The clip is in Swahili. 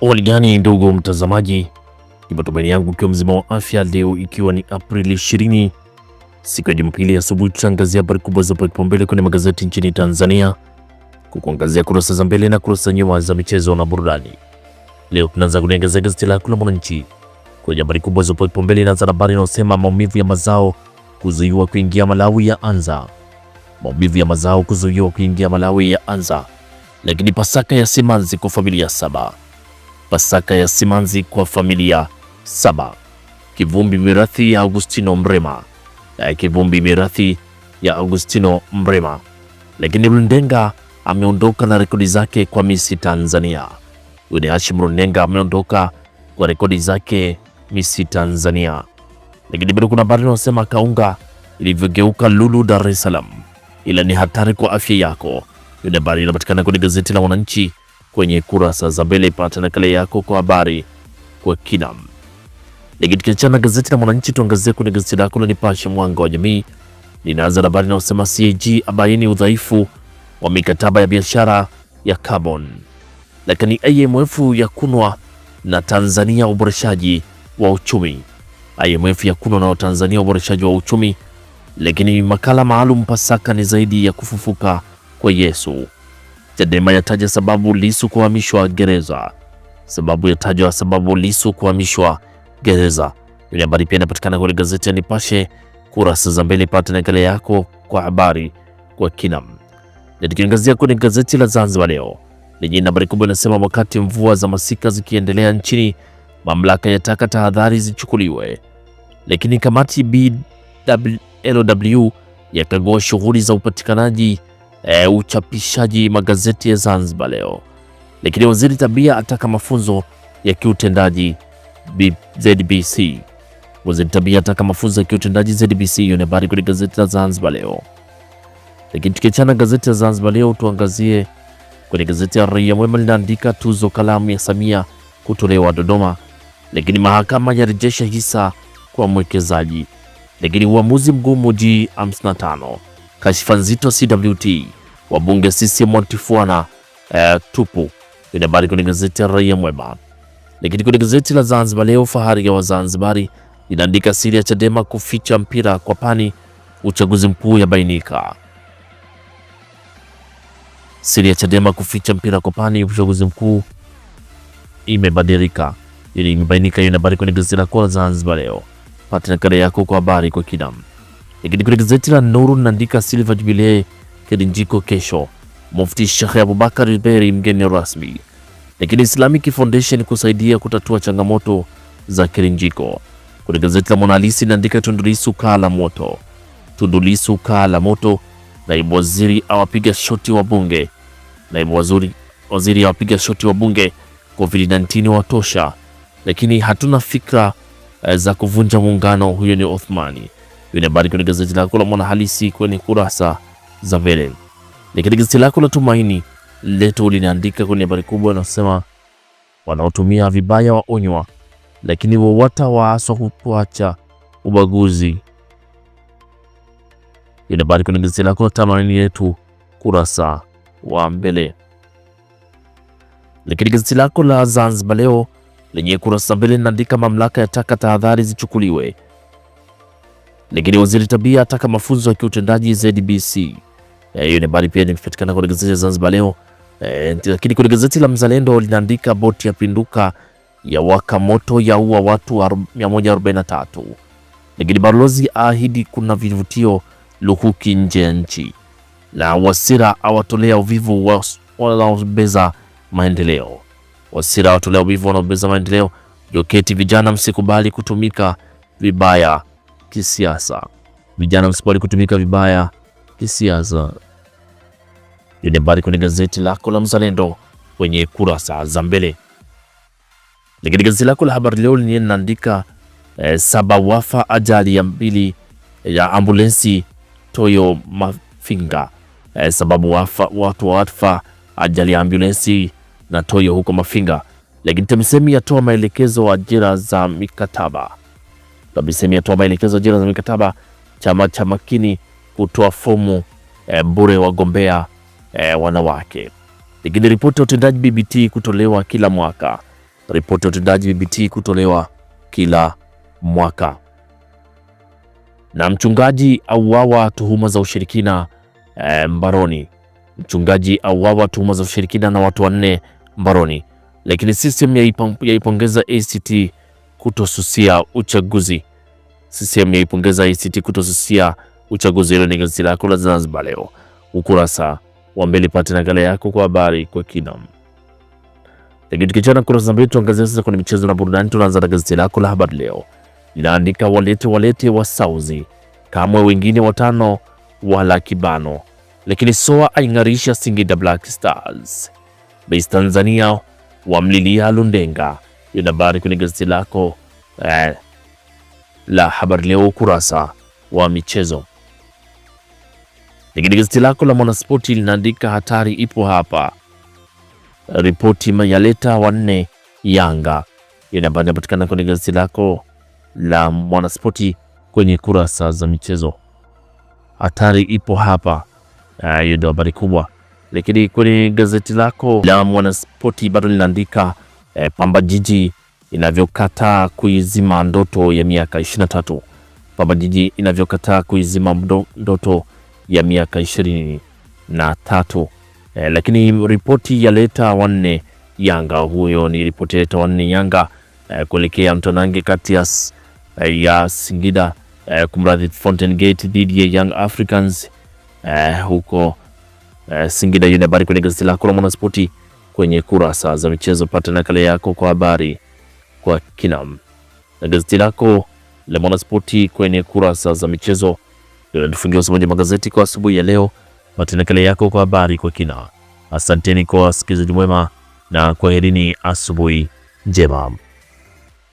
Uhaligani ndugu mtazamaji, ni matumaini yangu ikiwa mzima wa afya leo, ikiwa ni Aprili 20 siku ya Jumapili asubuhi, tutaangazia habari kubwa zopewa kipaumbele kwenye magazeti nchini Tanzania, kukuangazia kurasa za mbele na kurasa nyuma za michezo na burudani. Leo tunaanza kuliangazia gazeti laku la Mwananchi kwenye habari kubwa za kipaumbele, inaanza na habari inayosema maumivu ya mazao kuzuiwa kuingia Malawi ya anza. Maumivu ya mazao kuzuiwa kuingia Malawi ya anza, lakini Pasaka ya simanzi kwa familia saba Pasaka ya simanzi kwa familia saba. Kivumbi mirathi ya Augustino Mrema. Kivumbi mirathi ya Augustino Mrema. Lakini Lundenga ameondoka na rekodi zake kwa Misi Tanzania. Yule Hashim Lundenga ameondoka kwa rekodi zake Misi Tanzania. Lakini bado kuna habari inasema kaunga ilivyogeuka lulu Dar es Salaam, ila ni hatari kwa afya yako. Yule habari inapatikana kwenye gazeti la Mwananchi kwenye kurasa za mbele. Pata nakala yako kwa habari kwa kina. Nikiachana na gazeti la Mwananchi, tuangazie kwenye gazeti lako la Nipashe mwanga wa jamii. Linaanza na habari inayosema CAG abaini udhaifu wa mikataba ya biashara ya carbon, lakini IMF ya kunwa na Tanzania uboreshaji wa uchumi. IMF ya kunwa na Tanzania uboreshaji wa uchumi. Lakini makala maalum Pasaka ni zaidi ya kufufuka kwa Yesu. Chadema yataja sababu Lissu kuhamishwa gereza. Sababu yatajwa sababu lisu kuhamishwa gereza. Ile habari pia inapatikana kwenye gazeti ya Nipashe kurasa za mbele, pata nakala yako kwa habari kwa kina. Na tukiangazia kwenye gazeti la Zanzibar Leo lenye habari kubwa inasema, wakati mvua za masika zikiendelea nchini, mamlaka yataka tahadhari zichukuliwe, lakini kamati BLW yakagua shughuli za upatikanaji e, uchapishaji magazeti ya Zanzibar leo. Lakini waziri Tabia ataka mafunzo ya kiutendaji ZBC. Waziri Tabia ataka mafunzo ya kiutendaji ZBC. Hiyo ni habari kwenye gazeti la Zanzibar leo. Lakini tukiachana gazeti la Zanzibar leo, tuangazie kwenye gazeti ya Raia Mwema linaandika tuzo kalamu ya Samia kutolewa Dodoma, lakini mahakama yarejesha hisa kwa mwekezaji, lakini uamuzi mgumu G55 Kashifa nzito CWT wabunge CCM watifuana eh, tupu. Ni habari kwenye gazeti la Raia Mwema. Lakini kwenye gazeti la Zanzibar Leo, fahari ya Wazanzibari inaandika siri ya Chadema kuficha mpira kwa pani, uchaguzi mkuu yabainika. Siri ya Chadema kuficha mpira kwa pani, uchaguzi mkuu imebadilika, imebainika. Hiyo ni habari kwenye gazeti lako la Zanzibar Leo. Pata nakala yako kwa habari kwa kidamu. Lakini kwenye gazeti la Nuru naandika Silver Jubilee Kidinjiko kesho, Mufti Sheikh Abubakar Zuberi mgeni rasmi. Lakini Islamic Foundation kusaidia kutatua changamoto za Kidinjiko. Kwenye gazeti la Mwanahalisi linaandika Tundu Lissu kaa la moto, Tundu Lissu kaa la moto, naibu waziri awapiga shoti wa bunge, naibu waziri waziri awapiga shoti wa bunge, COVID-19 watosha, lakini hatuna fikra eh, za kuvunja muungano. Huyo ni Othmani. Hiyo ni habari kwenye gazeti lako la Mwanahalisi kwenye kurasa za mbele. Lakini gazeti lako la Tumaini letu linaandika kwenye habari kubwa inasema wanaotumia vibaya waonywa, lakini WAWATA waaswa kuacha ubaguzi. Hiyo ni habari kwenye gazeti lako la Tumaini letu kurasa wa mbele. Lakini gazeti lako la Zanzibar leo lenye kurasa mbele linaandika mamlaka yataka tahadhari zichukuliwe lakini waziri Tabia ataka mafunzo ya kiutendaji ZBC. Eh, hiyo ni habari pia inapatikana kwenye gazeti la Zanzibar Leo. E, lakini kwenye gazeti la Mzalendo linaandika boti ya pinduka ya waka moto ya ua watu 143. Lakini balozi ahidi kuna vivutio lukuki nje ya nchi, na Wasira awatolea uvivu wanaobeza maendeleo. Wasira awatolea uvivu wanaobeza maendeleo. Joketi vijana msikubali kutumika vibaya kisiasa. Vijana msipali kutumika vibaya kisiasa. Hiyo ni habari kwenye gazeti lako la Mzalendo kwenye kurasa za mbele. Lakini gazeti lako la Habari Leo linaandika eh, saba wafa ajali ya mbili eh, ya ambulensi Toyo Mafinga. Eh, sababu wafa, watu wafa ajali ya ambulensi na Toyo huko Mafinga. Lakini TAMISEMI yatoa maelekezo ajira za mikataba TAMISEMI yatoa maelekezo jina za mikataba. Chama cha Makini kutoa fomu e, bure wagombea e, wanawake. Lakini ripoti ya utendaji BBT kutolewa kila mwaka, ripoti ya utendaji BBT kutolewa kila mwaka. Na mchungaji auawa tuhuma za ushirikina e, mbaroni. Mchungaji auawa tuhuma za ushirikina na watu wanne mbaroni. Lakini system yaipongeza ACT kutosusia uchaguzi. CCM yaipongeza ACT kutosusia uchaguzi. Hilo ni gazeti lako la Zanzibar Leo ukurasa wa mbele, pate nakala yako kwa habari kwa kina. Lakini tukichana kurasa mbili, tuangazia sasa kwenye michezo na burudani. Tunaanza na gazeti lako la Habari Leo linaandika walete walete wa sauzi kamwe, wengine watano wala kibano, lakini soa aing'arisha Singida Black Stars. Base Tanzania wamlilia Lundenga hiyo ni habari kwenye gazeti lako eh, la habari leo ukurasa wa michezo. Lakini gazeti lako la Mwanaspoti linaandika hatari ipo hapa, ripoti mayaleta wanne Yanga. Hiyo ni habari inapatikana kwenye gazeti lako la Mwanaspoti kwenye kurasa za michezo. Hatari ipo hapa, eh, hiyo ndio habari kubwa. Lakini kwenye gazeti lako la Mwanaspoti bado linaandika E, eh, Pamba Jiji inavyokataa kuizima ndoto ya miaka 23, Pamba Jiji inavyokataa kuizima ndoto ya miaka 23. na tatu. Eh, lakini ripoti ya leta wanne Yanga, huyo ni ripoti ya leta wanne Yanga e, kuelekea mtanange kati ya eh, ya Singida e, kumradhi Fountain Gate dhidi ya Young Africans e, huko e, Singida. Hiyo ni habari kwenye gazeti lako la Mwanaspoti kwenye kurasa za michezo. Pata nakala yako kwa habari kwa kinam na gazeti lako la Mwanaspoti kwenye kurasa za michezo. Tunafungia usomaji magazeti kwa asubuhi ya leo. Pata nakala yako kwa habari kwa kina. Asanteni kwa wasikilizaji mwema na kwaherini, asubuhi njema.